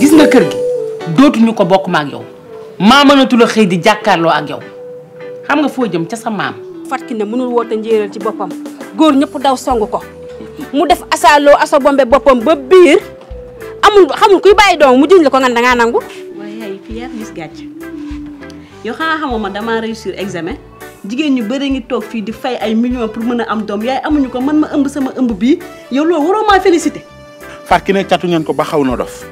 gis nga kër gi ñu ko bokk ma ak yow maa xëy di jàkkaarloo ak yow xam nga foo jëm ca sa maam. Fatou ne mënul woote njéeréer ci boppam góor ñëpp daw song ko mu def asaaloo aso bombe boppam ba biir amul xamul kuy bàyyi doom mu jëñ la ko ngan da ngaa nangu. waaye yaay gis gàcc yow xanaa xamoo man réussir examen jigéen ñu bëri ngi toog fii di fay ay millions pour mën a am doom yaay amuñu ko man ma ëmb sama ëmb bii yow loolu waroo maa félicité. Fatou ne catu ngeen ko ba xaw dof.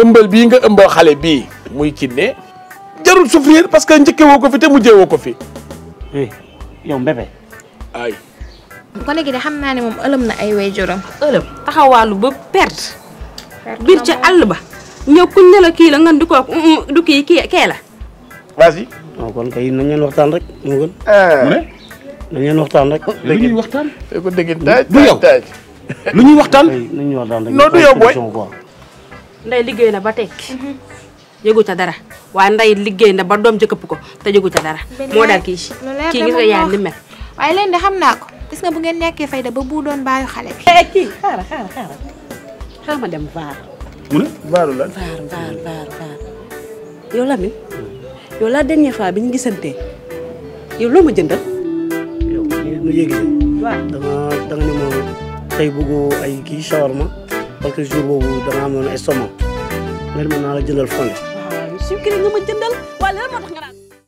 ëmbal bi nga ëmbal xalé bi muy kinné jarul souffrir parce que ñëkke woko fi té mu jé woko fi eh yow mbébé ay ko léegi de xam naa né mom ëlëm na ay wéjuram ëlëm taxawaalu ba perte bir ci àll ba ñëw kuñ ne la kii la ngand ko mm, mm, du ki ki ké la vas-y non kon kay nañ leen waxtaan rek moo gën ah. nañ leen waxtaan rek lu waxtaan ko dégg taaj taaj lu ñuy waxtaan nañ waxtaan rek non du yow boy nday liggéey na ba tekki mhm. yëgu ca dara waaye nday liggéey na ba doom ja ko te yëgu ca dara moo dal kii kii gis nga xam naa ko gis bu ngeen nekkee fayda ba bu doon baayu xale bi eh, eh, kii xaaral xaaral xaaral xaaral ma dem vaar mu ne vaaru la vaar vaar vaar vaar yow Lamine yow jëndal yow nu yéegi waaw danga danga ne moom ay kii shawarma parce que jour boobu dangaa amoon estomac nga ne mën naa la jëndal fonde. waaw sucré nga ma jëndal waaye lan moo tax nga naan.